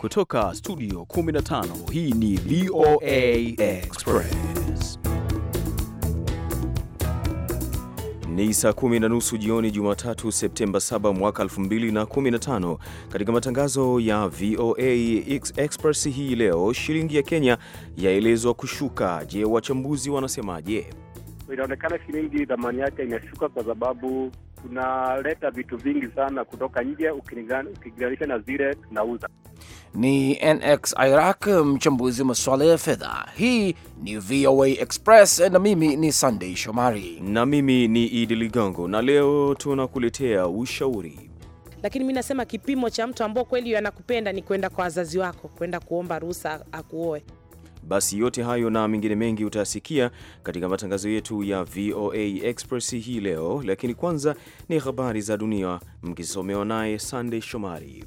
Kutoka studio 15 hii ni VOA Express. Ni saa kumi na nusu jioni Jumatatu, Septemba 7 mwaka 2015. Katika matangazo ya VOA Express hii leo, shilingi ya Kenya yaelezwa kushuka. Je, wachambuzi wanasemaje? Inaonekana shilingi thamani yake imeshuka kwa sababu tunaleta vitu vingi sana kutoka nje ukilinganisha na zile tunauza. Ni NX Iraq, mchambuzi masuala ya fedha. Hii ni VOA Express na mimi ni Sunday Shomari na mimi ni Idi Ligongo, na leo tunakuletea ushauri lakini mi nasema kipimo cha mtu ambao kweli anakupenda ni kwenda kwa wazazi wako, kwenda kuomba ruhusa akuoe. Basi yote hayo na mengine mengi utasikia katika matangazo yetu ya VOA Express hii leo, lakini kwanza ni habari za dunia mkisomewa naye Sandey Shomari.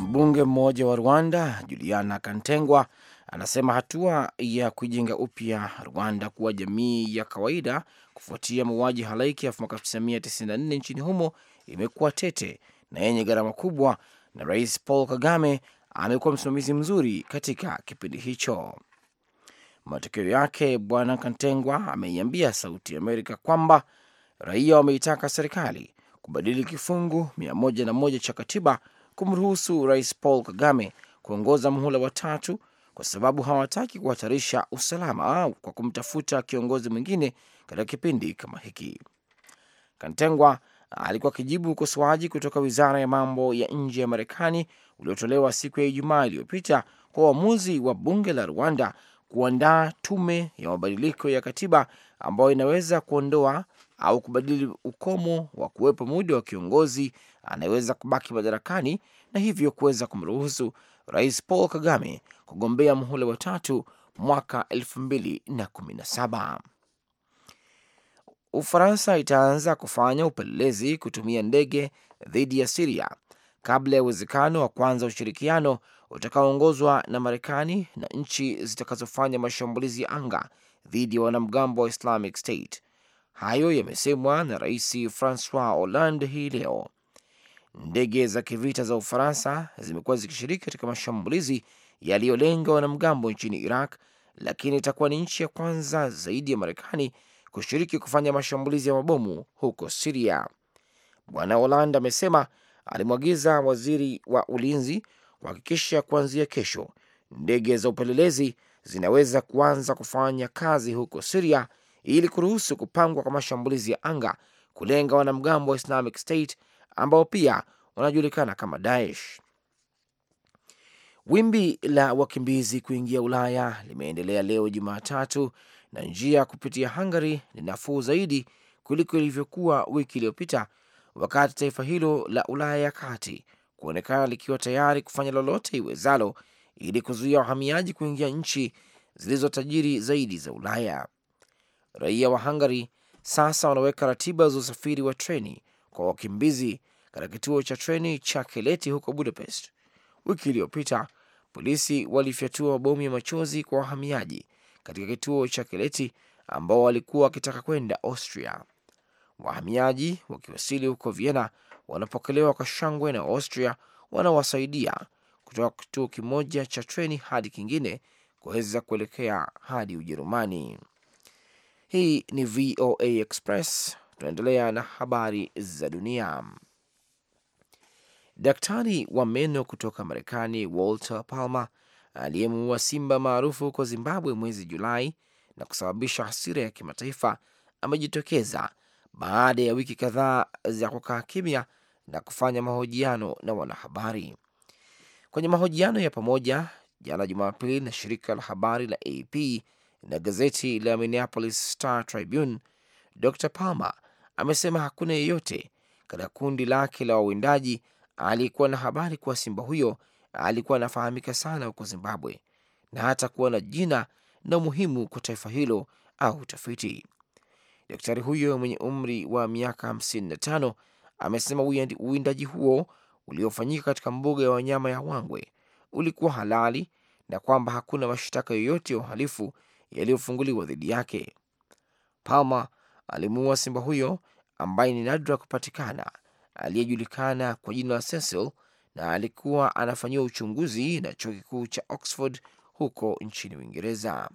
Mbunge mmoja wa Rwanda Juliana Kantengwa anasema hatua ya kuijenga upya Rwanda kuwa jamii ya kawaida kufuatia mauaji halaiki ya 1994 nchini humo imekuwa tete na yenye gharama kubwa, na Rais Paul Kagame amekuwa msimamizi mzuri katika kipindi hicho. Matokeo yake, Bwana Kantengwa ameiambia Sauti ya Amerika kwamba raia wameitaka serikali kubadili kifungu mia na moja cha katiba kumruhusu Rais Paul Kagame kuongoza mhula watatu kwa sababu hawataki kuhatarisha usalama au kwa kumtafuta kiongozi mwingine katika kipindi kama hiki. Kantengwa alikuwa akijibu ukosoaji kutoka wizara ya mambo ya nje ya Marekani uliotolewa siku ya Ijumaa iliyopita kwa uamuzi wa bunge la Rwanda kuandaa tume ya mabadiliko ya katiba ambayo inaweza kuondoa au kubadili ukomo wa kuwepo muda wa kiongozi anayeweza kubaki madarakani na hivyo kuweza kumruhusu Rais Paul Kagame kugombea muhula wa tatu mwaka 2017. Ufaransa itaanza kufanya upelelezi kutumia ndege dhidi ya Siria kabla ya uwezekano wa kwanza ushirikiano utakaoongozwa na Marekani na nchi zitakazofanya mashambulizi ya anga dhidi ya wanamgambo wa Islamic State. Hayo yamesemwa na Rais Francois Hollande hii leo. Ndege za kivita za Ufaransa zimekuwa zikishiriki katika mashambulizi yaliyolenga wanamgambo nchini Iraq, lakini itakuwa ni nchi ya kwanza zaidi ya Marekani kushiriki kufanya mashambulizi ya mabomu huko Siria. Bwana Holand amesema alimwagiza waziri wa ulinzi kuhakikisha kuanzia kesho ndege za upelelezi zinaweza kuanza kufanya kazi huko Siria ili kuruhusu kupangwa kwa mashambulizi ya anga kulenga wanamgambo wa Islamic State ambao pia wanajulikana kama Daesh. Wimbi la wakimbizi kuingia Ulaya limeendelea leo Jumatatu na njia kupitia Hungary ni nafuu zaidi kuliko ilivyokuwa wiki iliyopita, wakati taifa hilo la Ulaya ya kati kuonekana likiwa tayari kufanya lolote iwezalo ili kuzuia wahamiaji kuingia nchi zilizo tajiri zaidi za Ulaya. Raia wa Hungary sasa wanaweka ratiba za usafiri wa treni kwa wakimbizi katika kituo cha treni cha Keleti huko Budapest. Wiki iliyopita polisi walifyatua mabomu ya machozi kwa wahamiaji katika kituo cha keleti ambao walikuwa wakitaka kwenda Austria. Wahamiaji wakiwasili huko Vienna wanapokelewa kwa shangwe na Austria wanawasaidia kutoka kituo kimoja cha treni hadi kingine kuweza kuelekea hadi Ujerumani. Hii ni VOA Express. Tunaendelea na habari za dunia. Daktari wa meno kutoka Marekani Walter Palmer aliyemuua simba maarufu huko Zimbabwe mwezi Julai na kusababisha hasira ya kimataifa amejitokeza baada ya wiki kadhaa za kukaa kimya na kufanya mahojiano na wanahabari. Kwenye mahojiano ya pamoja jana Jumapili na shirika la habari la AP na gazeti la Minneapolis Star Tribune, Dr Palmer amesema hakuna yeyote katika kundi lake la wawindaji aliyekuwa na habari kuwa simba huyo alikuwa anafahamika sana huko Zimbabwe na hata kuwa na jina na umuhimu kwa taifa hilo au utafiti. Daktari huyo mwenye umri wa miaka 55 amesema uwindaji huo uliofanyika katika mbuga ya wanyama ya Wangwe ulikuwa halali na kwamba hakuna mashtaka yoyote ya uhalifu yaliyofunguliwa dhidi yake. Palma alimuua simba huyo ambaye ni nadra kupatikana, aliyejulikana kwa jina la Cecil na alikuwa anafanyiwa uchunguzi na chuo kikuu cha Oxford huko nchini Uingereza.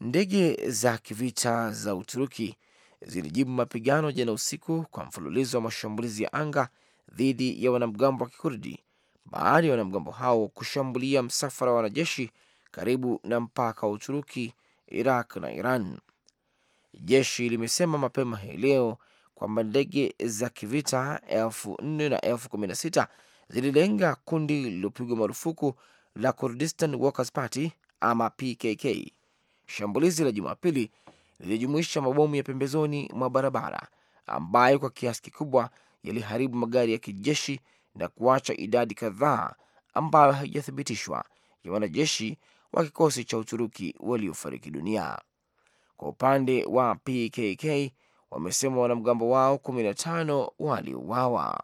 Ndege za kivita za Uturuki zilijibu mapigano jana usiku kwa mfululizo wa mashambulizi ya anga dhidi ya wanamgambo wa Kikurdi baada ya wanamgambo hao kushambulia msafara wa wanajeshi karibu na mpaka wa Uturuki, Iraq na Iran. Jeshi limesema mapema hii leo kwamba ndege za kivita elfu nne na elfu kumi na sita zililenga kundi lililopigwa marufuku la Kurdistan Workers Party ama PKK. Shambulizi la Jumapili lilijumuisha mabomu ya pembezoni mwa barabara ambayo kwa kiasi kikubwa yaliharibu magari ya kijeshi na kuacha idadi kadhaa ambayo haijathibitishwa ya wanajeshi wa kikosi cha Uturuki waliofariki dunia. Kwa upande wa PKK wamesema wanamgambo wao kumi na tano waliuawa.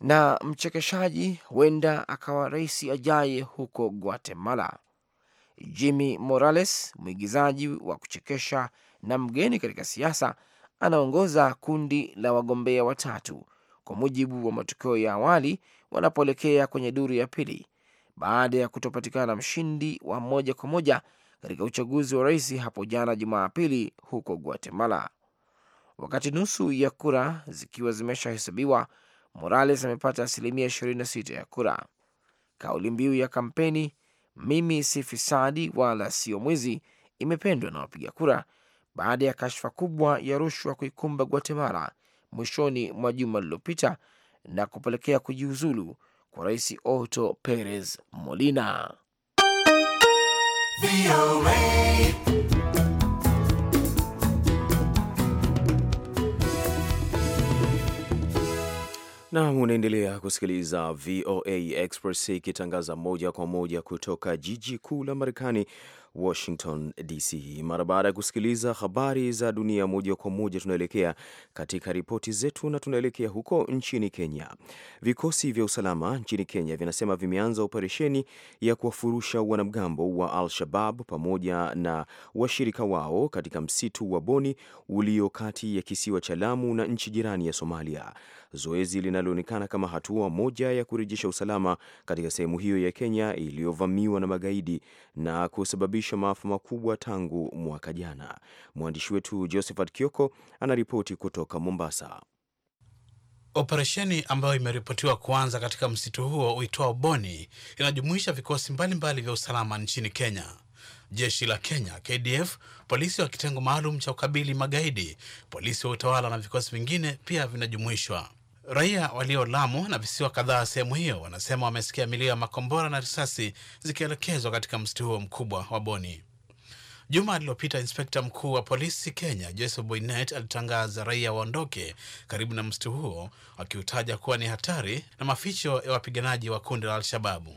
Na mchekeshaji huenda akawa rais ajaye huko Guatemala. Jimmy Morales, mwigizaji wa kuchekesha na mgeni katika siasa, anaongoza kundi la wagombea watatu kwa mujibu wa matokeo ya awali, wanapoelekea kwenye duru ya pili baada ya kutopatikana mshindi wa moja kwa moja katika uchaguzi wa rais hapo jana Jumapili huko Guatemala. Wakati nusu ya kura zikiwa zimeshahesabiwa, Morales amepata asilimia 26 ya kura. Kauli mbiu ya kampeni mimi si fisadi wala sio mwizi imependwa na wapiga kura baada ya kashfa kubwa ya rushwa kuikumba Guatemala mwishoni mwa juma lililopita na kupelekea kujiuzulu kwa rais Otto Perez Molina na unaendelea kusikiliza VOA Express ikitangaza moja kwa moja kutoka jiji kuu la Marekani, Washington DC. Mara baada ya kusikiliza habari za dunia moja kwa moja, tunaelekea katika ripoti zetu na tunaelekea huko nchini Kenya. Vikosi vya usalama nchini Kenya vinasema vimeanza operesheni ya kuwafurusha wanamgambo wa Al-Shabab pamoja na washirika wao katika msitu wa Boni ulio kati ya kisiwa cha Lamu na nchi jirani ya Somalia, zoezi linaloonekana kama hatua moja ya kurejesha usalama katika sehemu hiyo ya Kenya iliyovamiwa na magaidi na kusababisha kusababisha maafa makubwa tangu mwaka jana. Mwandishi wetu Josephat Kioko anaripoti kutoka Mombasa. Operesheni ambayo imeripotiwa kuanza katika msitu huo uitwao Boni inajumuisha vikosi mbalimbali vya usalama nchini Kenya, jeshi la Kenya KDF, polisi wa kitengo maalum cha ukabili magaidi, polisi wa utawala na vikosi vingine pia vinajumuishwa. Raia walio Lamu na visiwa kadhaa sehemu hiyo wanasema wamesikia milio ya makombora na risasi zikielekezwa katika msitu huo mkubwa wa Boni. Juma alilopita inspekta mkuu wa polisi Kenya Joseph Boynet alitangaza raia waondoke karibu na msitu huo, wakiutaja kuwa ni hatari na maficho ya wapiganaji wa kundi la Al-Shababu.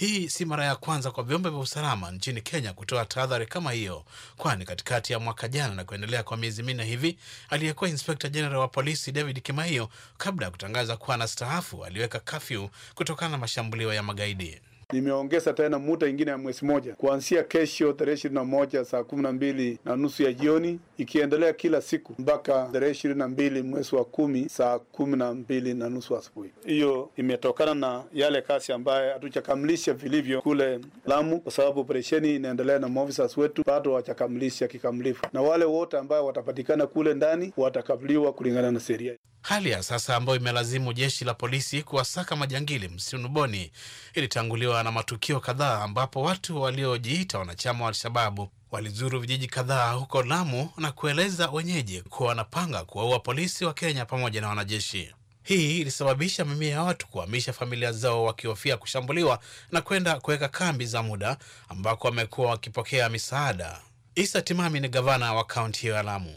Hii si mara ya kwanza kwa vyombo vya usalama nchini Kenya kutoa tahadhari kama hiyo, kwani katikati ya mwaka jana na kuendelea kwa miezi minne hivi, aliyekuwa inspekta jeneral wa polisi David Kimaiyo, kabla ya kutangaza kuwa anastaafu, aliweka kafyu kutokana na mashambulio ya magaidi nimeongeza tena muda ingine ya mwezi moja kuanzia kesho tarehe ishirini na moja saa kumi na mbili na nusu ya jioni ikiendelea kila siku mpaka tarehe ishirini na mbili mwezi wa kumi saa kumi na mbili na nusu asubuhi. Hiyo imetokana na yale kazi ambaye hatujakamilisha vilivyo kule Lamu, kwa sababu operesheni inaendelea na maofisas wetu bado hawajakamilisha kikamilifu, na wale wote ambayo watapatikana kule ndani watakabiliwa kulingana na sheria. Hali ya sasa ambayo imelazimu jeshi la polisi kuwasaka majangili msituni Boni ilitanguliwa na matukio kadhaa ambapo watu waliojiita wanachama wa Alshababu walizuru vijiji kadhaa huko Lamu na kueleza wenyeji kuwa wanapanga kuwaua polisi wa Kenya pamoja na wanajeshi. Hii ilisababisha mamia ya watu kuhamisha familia zao wakihofia kushambuliwa na kwenda kuweka kambi za muda ambako wamekuwa wakipokea misaada. Isa Timami ni gavana wa kaunti hiyo ya Lamu.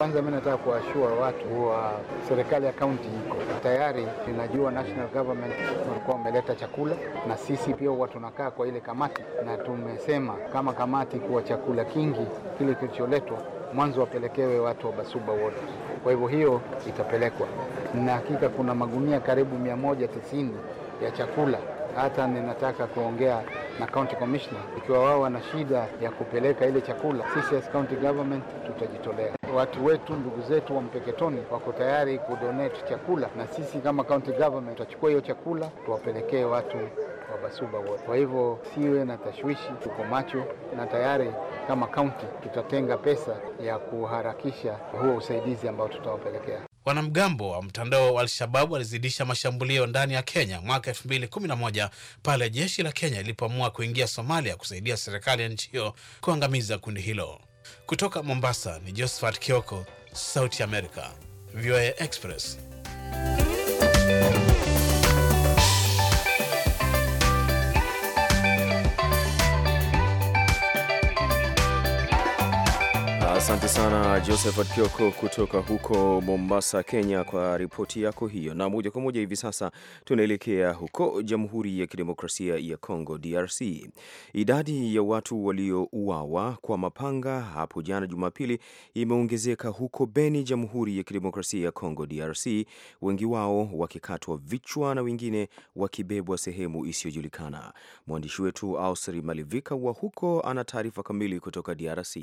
Kwanza mimi nataka kuwashua watu wa serikali ya kaunti iko tayari, ninajua national government walikuwa wameleta chakula, na sisi pia huwa tunakaa kwa ile kamati, na tumesema kama kamati kuwa chakula kingi kile kilicholetwa mwanzo wapelekewe watu wa Basuba wote. Kwa hivyo hiyo itapelekwa, na hakika kuna magunia karibu 190 ya chakula. Hata ninataka kuongea na county commissioner, ikiwa wao wana shida ya kupeleka ile chakula, sisi as county government tutajitolea watu wetu ndugu zetu wa Mpeketoni wako tayari kudonate chakula, na sisi kama county government tutachukua hiyo chakula tuwapelekee watu wa Basuba wote. Kwa hivyo siwe na tashwishi, tuko macho na tayari kama kaunti tutatenga pesa ya kuharakisha huo usaidizi ambao tutawapelekea. Wanamgambo wa mtandao wa Al-Shababu walizidisha mashambulio ndani ya Kenya mwaka 2011 pale jeshi la Kenya lilipoamua kuingia Somalia kusaidia serikali ya nchi hiyo kuangamiza kundi hilo. Kutoka Mombasa ni Josephat Kioko, Sauti America, VOA Express. Asante sana Josephat Kioko kutoka huko Mombasa, Kenya, kwa ripoti yako hiyo. Na moja kwa moja hivi sasa tunaelekea huko Jamhuri ya Kidemokrasia ya Kongo, DRC. Idadi ya watu waliouawa kwa mapanga hapo jana Jumapili imeongezeka huko Beni, Jamhuri ya Kidemokrasia ya Kongo, DRC, wengi wao wakikatwa vichwa na wengine wakibebwa sehemu isiyojulikana. Mwandishi wetu Ausri Malivika wa huko ana taarifa kamili kutoka DRC.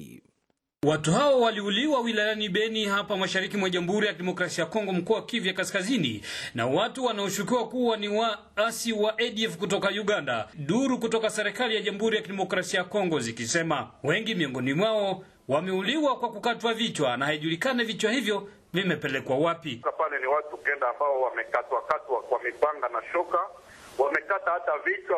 Watu hao waliuliwa wilayani Beni hapa mashariki mwa Jamhuri ya Kidemokrasia ya Kongo, mkoa wa Kivu Kaskazini, na watu wanaoshukiwa kuwa ni waasi wa ADF kutoka Uganda, duru kutoka serikali ya Jamhuri ya Kidemokrasia ya Kongo zikisema wengi miongoni mwao wameuliwa kwa kukatwa vichwa na haijulikane vichwa hivyo vimepelekwa wapi. Pale ni watu kenda ambao wamekatwakatwa kwa mipanga na shoka, wamekata hata vichwa,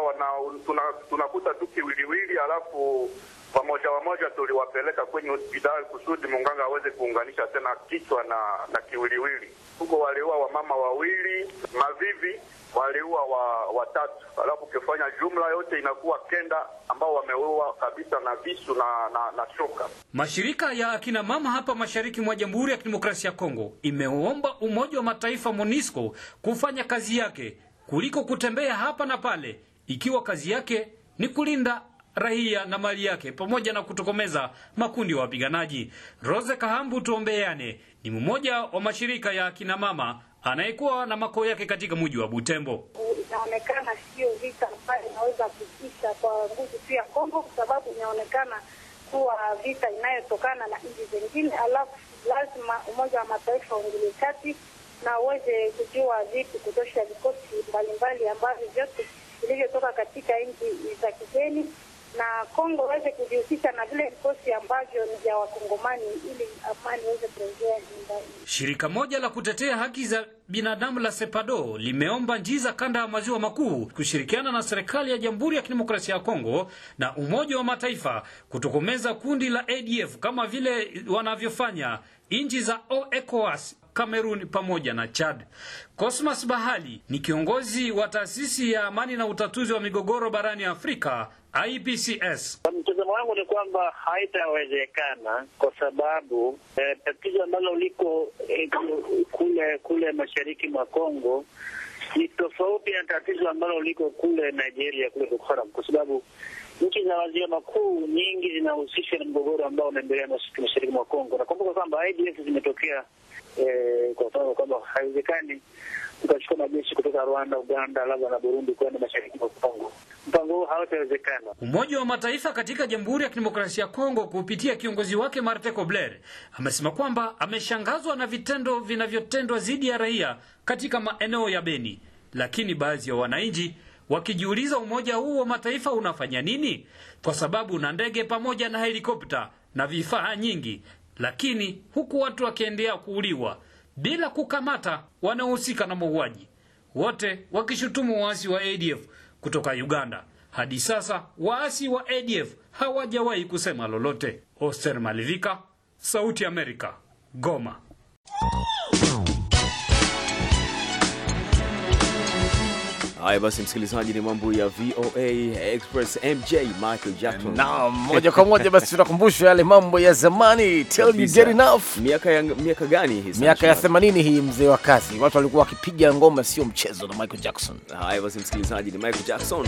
tunakuta tuna tu kiwiliwili, alafu wamoja wamoja tuliwapeleka kwenye hospitali kusudi munganga aweze kuunganisha tena kichwa na, na kiwiliwili. Huko waliua wamama wawili, mavivi waliua wa watatu, alafu ukifanya jumla yote inakuwa kenda ambao wameua kabisa na visu na, na, na shoka. Mashirika ya akina mama hapa mashariki mwa Jamhuri ya Kidemokrasia ya Kongo imeomba Umoja wa Mataifa MONUSCO kufanya kazi yake kuliko kutembea hapa na pale, ikiwa kazi yake ni kulinda raia na mali yake pamoja na kutokomeza makundi ya wapiganaji. Rose Kahambu Tuombeane ni mmoja wa mashirika ya akina mama anayekuwa na makao yake katika mji wa Butembo. Inaonekana sio vita ambayo inaweza kuisha kwa nguvu tu ya Kongo, kwa sababu inaonekana kuwa vita inayotokana na nchi zingine, alafu lazima Umoja wa Mataifa uingilie kati na uweze kujua vipi kutosha vikosi mbalimbali ambavyo vyote vilivyotoka katika nchi za kigeni na Kongo waweze kujihusisha na vile vikosi ambavyo ni vya Wakongomani ili amani iweze kurejea nyumbani. Shirika moja la kutetea haki za binadamu la Sepado limeomba nchi za kanda ya maziwa makuu kushirikiana na serikali ya Jamhuri ya Kidemokrasia ya Kongo na Umoja wa Mataifa kutokomeza kundi la ADF kama vile wanavyofanya nchi za OECOWAS Kamerun pamoja na Chad. Cosmas Bahali ni kiongozi wa taasisi ya amani na utatuzi wa migogoro barani Afrika IPCS. Mtazamo wangu ni kwamba haitawezekana kwa sababu eh, tatizo ambalo liko eh, kule kule mashariki mwa Kongo ni tofauti na tatizo ambalo liko kule Nigeria, kule Boko Haram, kwa sababu nchi za wazia makuu nyingi zinahusishwa na mgogoro ambao unaendelea mashariki mwa Kongo. Nakumbuka kwamba IDF zimetokea eh, kwa mfano kwamba haiwezekani ukachukua majeshi kutoka Rwanda, Uganda, labda na Burundi kwenda mashariki mwa Kongo. Mpango huo hautawezekana. Umoja wa Mataifa katika Jamhuri ya Kidemokrasia ya Kongo kupitia kiongozi wake Martin Kobler amesema kwamba ameshangazwa na vitendo vinavyotendwa dhidi ya raia katika maeneo ya Beni, lakini baadhi ya wananchi wakijiuliza umoja huu wa Mataifa unafanya nini, kwa sababu na ndege pamoja na helikopta na vifaa nyingi lakini huku watu wakiendelea kuuliwa bila kukamata wanaohusika na mauaji, wote wakishutumu waasi wa ADF kutoka Uganda. Hadi sasa waasi wa ADF hawajawahi kusema lolote. Oster Malivika, Sauti Amerika, Goma. Haya basi, msikilizaji, ni mambo ya VOA Express, MJ Michael Jackson. Naam, moja kwa moja basi tunakumbushwa yale mambo ya zamani, tell you get enough. Miaka ya miaka gani hizi? Miaka ya 80 hii, mzee wa kazi, watu walikuwa wakipiga ngoma sio mchezo na Michael Jackson. Haya basi, msikilizaji, ni Michael Jackson.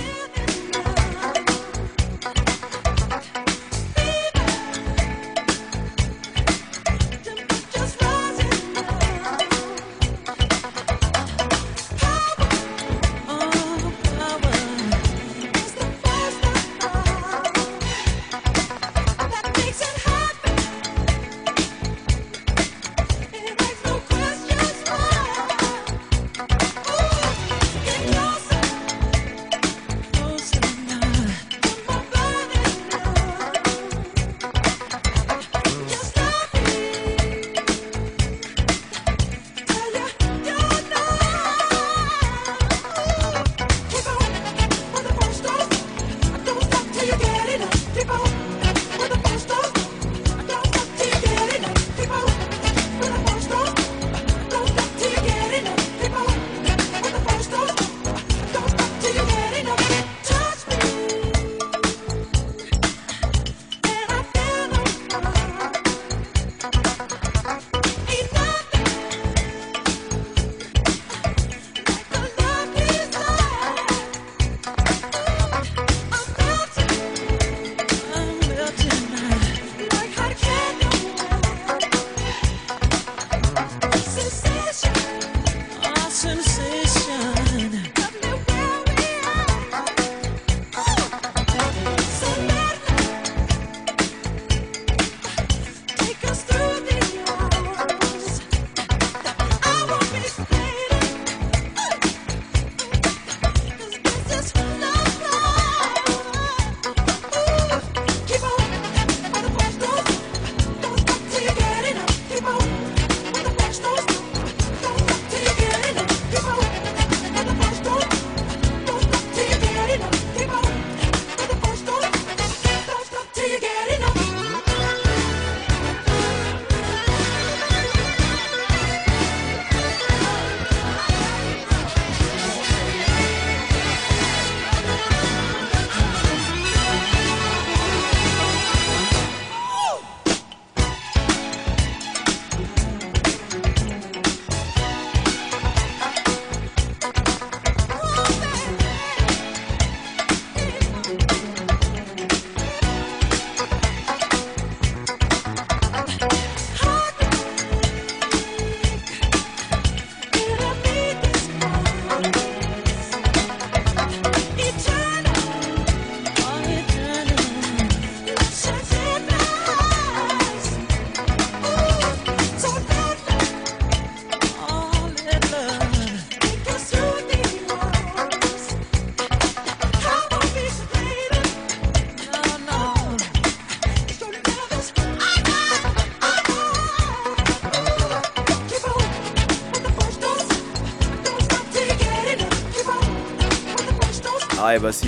Haya basi,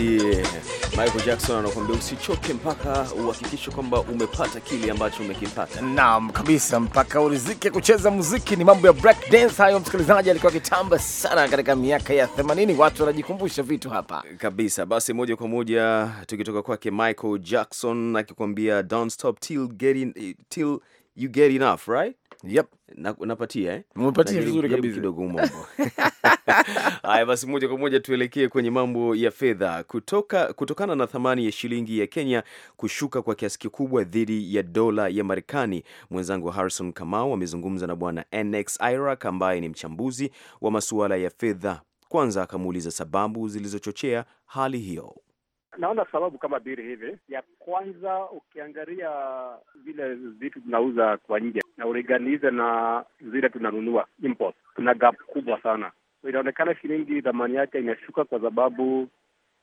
Michael Jackson anakuambia usichoke mpaka uhakikishe kwamba umepata kile ambacho umekipata. Naam kabisa, mpaka urizike kucheza muziki. Ni mambo ya break dance hayo, msikilizaji, alikuwa kitamba sana katika miaka ya 80. Watu wanajikumbusha vitu hapa kabisa. Basi moja kwa moja tukitoka kwake Michael Jackson akikwambia don't stop till getting, till you get enough right Yep. Na, napatia eh? vizuri kabisa kidogo Haya basi, moja kwa moja tuelekee kwenye mambo ya fedha. Kutoka, kutokana na thamani ya shilingi ya Kenya kushuka kwa kiasi kikubwa dhidi ya dola ya Marekani, mwenzangu Harrison Kamau amezungumza na bwana NX Irak ambaye ni mchambuzi wa masuala ya fedha. Kwanza akamuuliza sababu zilizochochea hali hiyo. Naona sababu kama biri hivi. Ya kwanza, ukiangalia vile vitu tunauza kwa nje na ulinganize na zile tunanunua import, tuna gap kubwa sana. Inaonekana shilingi thamani yake inashuka kwa sababu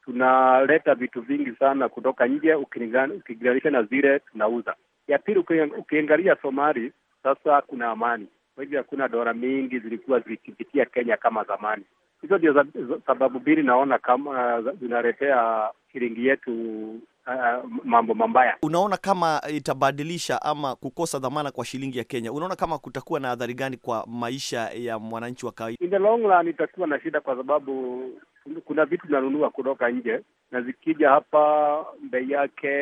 tunaleta vitu vingi sana kutoka nje ukilinganisha na zile tunauza. Ya pili, ukiangalia Somali sasa kuna amani, kwa hivyo hakuna dola mingi zilikuwa zikipitia Kenya kama zamani. Hizo ndio sababu mbili naona kama eh, zinaletea shilingi yetu uh, mambo mambaya. Unaona kama itabadilisha ama kukosa dhamana kwa shilingi ya Kenya, unaona kama kutakuwa na adhari gani kwa maisha ya mwananchi wa kawaida? In the long run itakuwa na shida, kwa sababu kuna vitu vinanunua kutoka nje na zikija hapa bei yake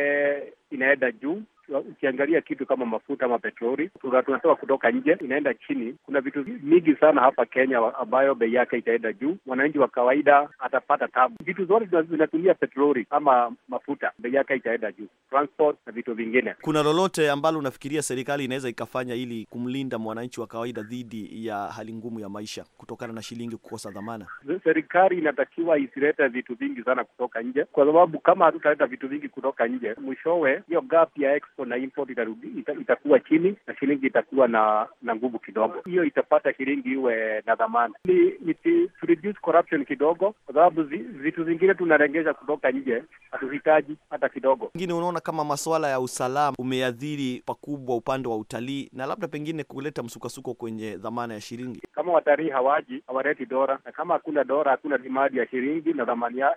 inaenda juu ukiangalia kitu kama mafuta ama petroli tunatoka kutoka nje inaenda chini. Kuna vitu mingi sana hapa Kenya ambayo bei yake itaenda juu, mwananchi wa kawaida atapata tabu. Vitu zote zinatumia petroli ama mafuta, bei yake itaenda juu, transport na vitu vingine. Kuna lolote ambalo unafikiria serikali inaweza ikafanya ili kumlinda mwananchi wa kawaida dhidi ya hali ngumu ya maisha kutokana na shilingi kukosa dhamana? Serikali inatakiwa isilete vitu vingi sana kutoka nje, kwa sababu kama hatutaleta vitu vingi kutoka nje, mwishowe hiyo gap ya so na import itarudi, ita, itakuwa chini na shilingi itakuwa na na nguvu kidogo. Hiyo itapata shilingi iwe na dhamana, ni to reduce corruption kidogo, kwa sababu vitu zingine tunarengesha kutoka nje hatuhitaji hata kidogo. Pengine unaona kama masuala ya usalama umeathiri pakubwa upande wa utalii na labda pengine kuleta msukasuko kwenye dhamana ya shilingi. Kama watalii hawaji hawaleti dora, na kama hakuna dora hakuna dimadi ya shilingi na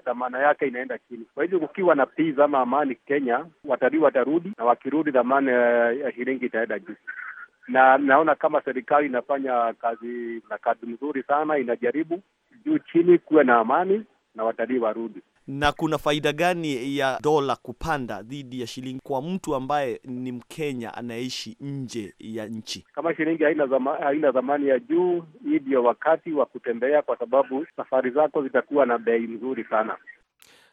dhamana yake inaenda chini. Kwa hivyo kukiwa na peace ama amani Kenya, watalii watarudi na waki ikirudi dhamani ya shilingi itaenda juu, na naona kama serikali inafanya kazi na kazi mzuri sana, inajaribu juu chini kuwe na amani na watalii warudi. Na kuna faida gani ya dola kupanda dhidi ya shilingi kwa mtu ambaye ni Mkenya anayeishi nje ya nchi? Kama shilingi haina zama, thamani ya juu, hii ndio wakati wa kutembea, kwa sababu safari zako zitakuwa na bei nzuri sana.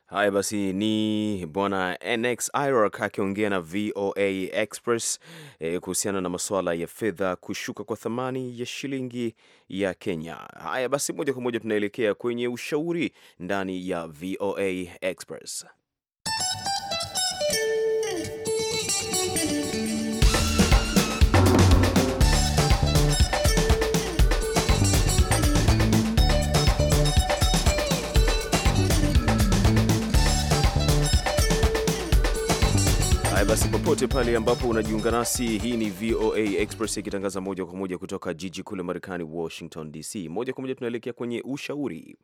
Haya basi, ni bwana NX Irock akiongea na VOA Express e, kuhusiana na masuala ya fedha kushuka kwa thamani ya shilingi ya Kenya. Haya basi, moja kwa moja tunaelekea kwenye ushauri ndani ya VOA Express. basi popote pale ambapo unajiunga nasi, hii ni VOA Express ikitangaza moja kwa moja kutoka jiji kuu Marekani, Washington DC. Moja kwa moja tunaelekea kwenye ushauri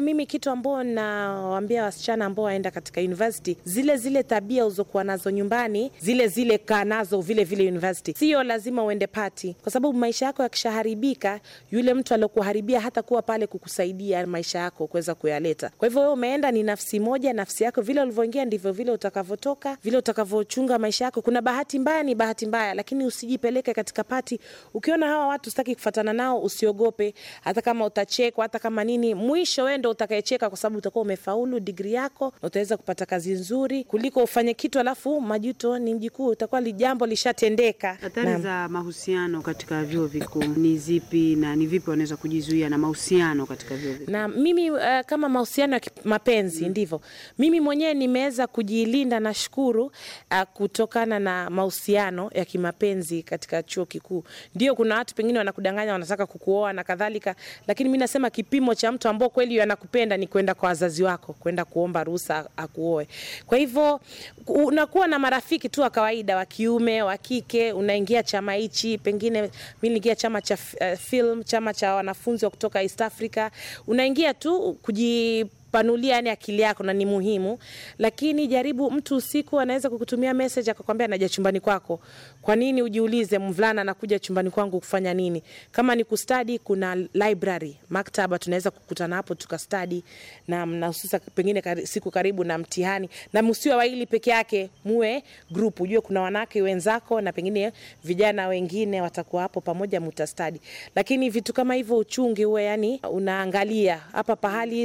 mimi kitu ambao nawaambia wasichana ambao waenda katika university, zile zile tabia uzokuwa nazo nyumbani zile zile kaa nazo vile vile university. Sio lazima uende pati, kwa sababu maisha yako yakishaharibika, yule mtu aliokuharibia hata kuwa pale kukusaidia maisha yako kuweza kuyaleta. Kwa hivyo wewe umeenda ni nafsi moja, nafsi yako vile ulivyoingia ndivyo vile utakavyotoka, vile utakavyochunga maisha yako. Kuna bahati mbaya ni bahati mbaya, lakini usijipeleke katika pati. Ukiona hawa watu sitaki kufatana nao, usiogope hata kama utachekwa, hata kama nini, mwisho wendo ndo utakayecheka kwa sababu utakuwa umefaulu digri yako na utaweza kupata kazi nzuri kuliko ufanye kitu alafu majuto ni mjikuu, utakuwa lijambo lishatendeka. hatari za mahusiano katika vyuo vikuu ni zipi na ni vipi wanaweza kujizuia na mahusiano katika vyuo vikuu? Na mimi uh, kama mahusiano ya mapenzi mm, ndivyo mimi mwenyewe nimeweza kujilinda, na shukuru uh, kutokana na mahusiano ya kimapenzi katika chuo kikuu. Ndio kuna watu pengine wanakudanganya, wanataka kukuoa na kadhalika, lakini mi nasema kipimo cha mtu ambao kweli ana anakupenda ni kwenda kwa wazazi wako, kwenda kuomba ruhusa akuoe. Kwa hivyo unakuwa na marafiki tu wa kawaida wa kiume, wa kike, unaingia chama hichi, pengine mimi niliingia chama cha uh, film, chama cha wanafunzi wa kutoka East Africa, unaingia tu kuji panulia yani akili yako na ni muhimu, lakini jaribu, mtu usiku anaweza kukutumia message akakwambia anaja chumbani kwako. Kwa nini ujiulize, mvulana anakuja chumbani kwangu kufanya nini? Kama ni kustadi, kuna library, maktaba, tunaweza kukutana hapo tukastadi na mnahususa pengine kar, siku karibu na mtihani, na msiwe wawili peke yake, muwe group, ujue kuna wanawake wenzako na pengine vijana wengine watakuwa hapo pamoja, mtastadi. Lakini vitu kama hivyo uchungi uwe, yani unaangalia hapa pahali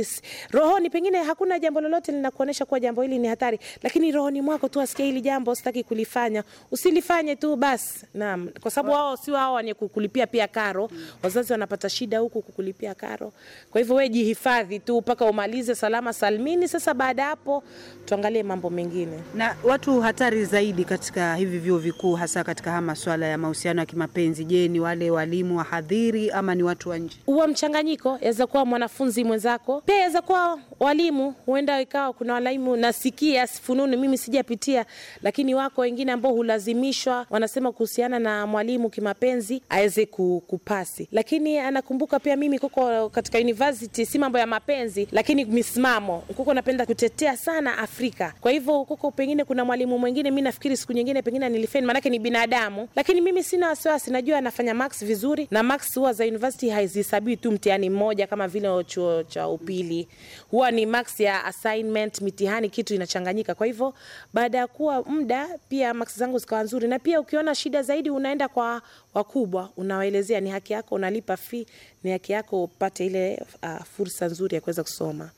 roho rohoni, pengine hakuna jambo lolote linakuonesha kuwa jambo hili ni hatari, lakini rohoni mwako tu asikia hili jambo sitaki kulifanya, usilifanye tu basi. Naam, kwa sababu wao si wao wenye kukulipia pia karo. Wazazi wanapata shida huku kukulipia karo, kwa hivyo wewe jihifadhi tu mpaka umalize salama salmini. Sasa baada hapo tuangalie mambo mengine. Na watu hatari zaidi katika hivi vyuo vikuu, hasa katika haya masuala ya mahusiano ya kimapenzi, je, ni wale walimu wahadhiri ama ni watu wa nje? Huwa mchanganyiko, yaweza kuwa mwanafunzi mwenzako pia, yaweza kuwa walimu, huenda ikawa kuna walimu nasikia, sifununi mimi sijapitia, lakini wako wengine ambao hulazimishwa, wanasema kuhusiana na mwalimu kimapenzi aweze kupasi. Lakini anakumbuka pia, mimi kuko katika university, si mambo ya mapenzi, lakini misimamo kuko, napenda kutetea sana Afrika. Kwa hivyo kuko pengine kuna mwalimu mwingine, mi nafikiri siku nyingine pengine nilifeni, maanake ni binadamu, lakini mimi sina wasiwasi, najua anafanya max vizuri, na max huwa za university hazihesabiwi tu mtiani mmoja kama vile chuo cha upili huwa huwa ni max ya assignment, mitihani, kitu inachanganyika. Kwa hivyo baada ya kuwa muda pia max zangu zikawa nzuri, na pia ukiona shida zaidi unaenda kwa wakubwa, unawaelezea ni haki yako, unalipa fee, ni haki yako upate ile uh, fursa nzuri ya kuweza kusoma.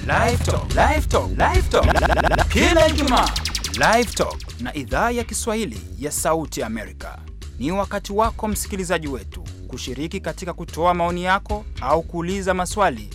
Live Talk, Live Talk, Live Talk. Kila juma Live Talk na idhaa ya Kiswahili ya Sauti Amerika. Ni wakati wako msikilizaji wetu kushiriki katika kutoa maoni yako au kuuliza maswali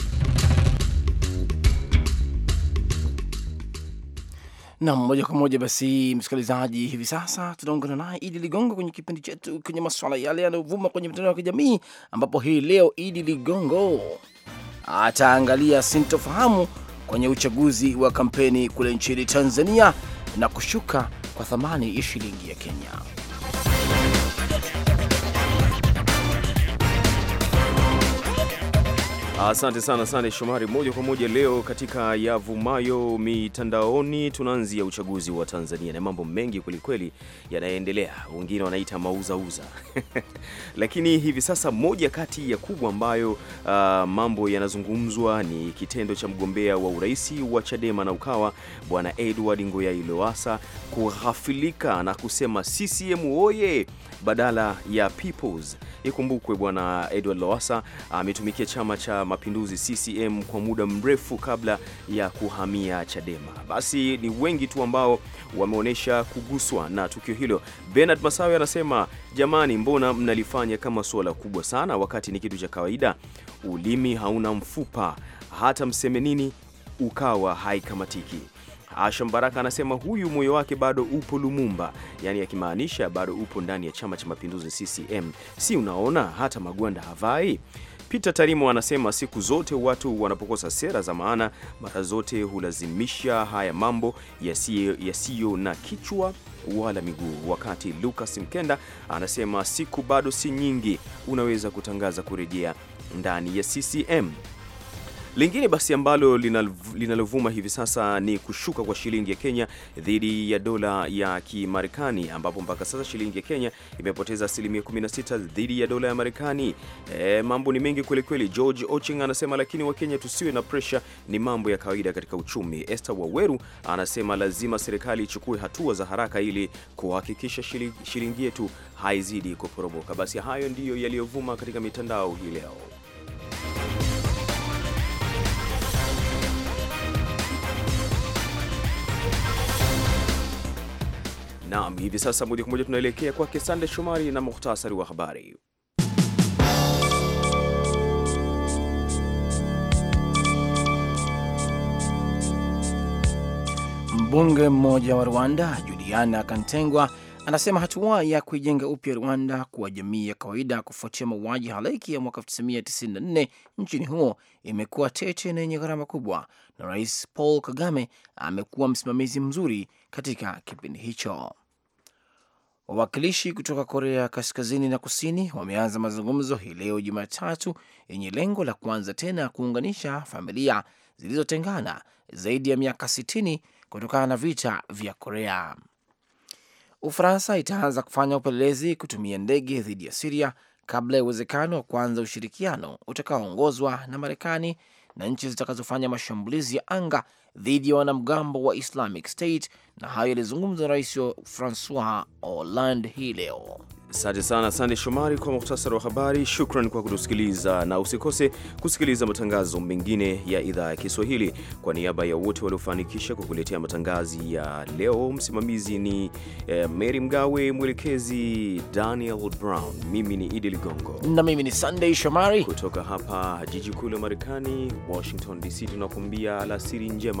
nam moja kwa moja basi, msikilizaji, hivi sasa tunaungana naye Idi Ligongo kwenye kipindi chetu kwenye maswala yale yanayovuma kwenye mitandao ya kijamii, ambapo hii leo Idi Ligongo ataangalia sintofahamu kwenye uchaguzi wa kampeni kule nchini Tanzania na kushuka kwa thamani ya shilingi ya Kenya. Asante sana Sande Shomari. Moja kwa moja leo katika yavumayo mitandaoni, tunaanzia uchaguzi wa Tanzania na mambo mengi kwelikweli yanayoendelea, wengine wanaita mauzauza lakini hivi sasa moja kati ya kubwa ambayo uh, mambo yanazungumzwa ni kitendo cha mgombea wa urais wa Chadema na Ukawa Bwana Edward Ngoyai Lowassa kughafilika na kusema CCM oye badala ya Peoples. Ikumbukwe bwana Edward Lowassa ametumikia chama cha mapinduzi CCM kwa muda mrefu kabla ya kuhamia Chadema. Basi ni wengi tu ambao wameonyesha kuguswa na tukio hilo. Bernard Masawe anasema jamani, mbona mnalifanya kama suala kubwa sana wakati ni kitu cha kawaida? Ulimi hauna mfupa, hata mseme nini ukawa haikamatiki. Asha Mbaraka anasema huyu moyo wake bado upo Lumumba, yani akimaanisha ya bado upo ndani ya Chama cha Mapinduzi CCM. Si unaona hata magwanda havai. Peter Tarimo anasema siku zote watu wanapokosa sera za maana, mara zote hulazimisha haya mambo yasiyo yasiyo na kichwa wala miguu. Wakati Lucas Mkenda anasema siku bado si nyingi, unaweza kutangaza kurejea ndani ya CCM. Lingine basi ambalo linalovuma hivi sasa ni kushuka kwa shilingi ya Kenya dhidi ya dola ya Kimarekani, ambapo mpaka sasa shilingi ya Kenya imepoteza asilimia 16 dhidi ya dola ya Marekani. E, mambo ni mengi kwelikweli. George Oching anasema lakini Wakenya tusiwe na presha, ni mambo ya kawaida katika uchumi. Esther Waweru anasema lazima serikali ichukue hatua za haraka ili kuhakikisha shilingi yetu haizidi kuporomoka. Basi hayo ndiyo yaliyovuma katika mitandao hii leo. Naam, hivi sasa moja kwa moja tunaelekea kwake Sande Shomari na muhtasari wa habari. Mbunge mmoja wa Rwanda Juliana Kantengwa anasema hatua ya kuijenga upya Rwanda kuwa jamii ya kawaida kufuatia mauaji halaiki ya mwaka 1994 nchini humo imekuwa tete na yenye gharama kubwa, na Rais Paul Kagame amekuwa msimamizi mzuri katika kipindi hicho. Wawakilishi kutoka Korea Kaskazini na Kusini wameanza mazungumzo hii leo Jumatatu yenye lengo la kuanza tena kuunganisha familia zilizotengana zaidi ya miaka 60 kutokana na vita vya Korea. Ufaransa itaanza kufanya upelelezi kutumia ndege dhidi ya Siria kabla ya uwezekano wa kuanza ushirikiano utakaoongozwa na Marekani na nchi zitakazofanya mashambulizi ya anga dhidi ya wanamgambo wa Islamic State, na hayo yalizungumza Rais Francois Hollande hii leo. Asante sana Sande Shomari kwa muhtasari wa habari. Shukran kwa kutusikiliza, na usikose kusikiliza matangazo mengine ya idhaa ya Kiswahili. Kwa niaba ya wote waliofanikisha kukuletea matangazo ya leo, msimamizi ni eh, Mary Mgawe, mwelekezi Daniel Brown, mimi ni Idi Ligongo na mimi ni Sandey Shomari kutoka hapa jiji kuu la Marekani, Washington DC, tunakuambia alasiri njema.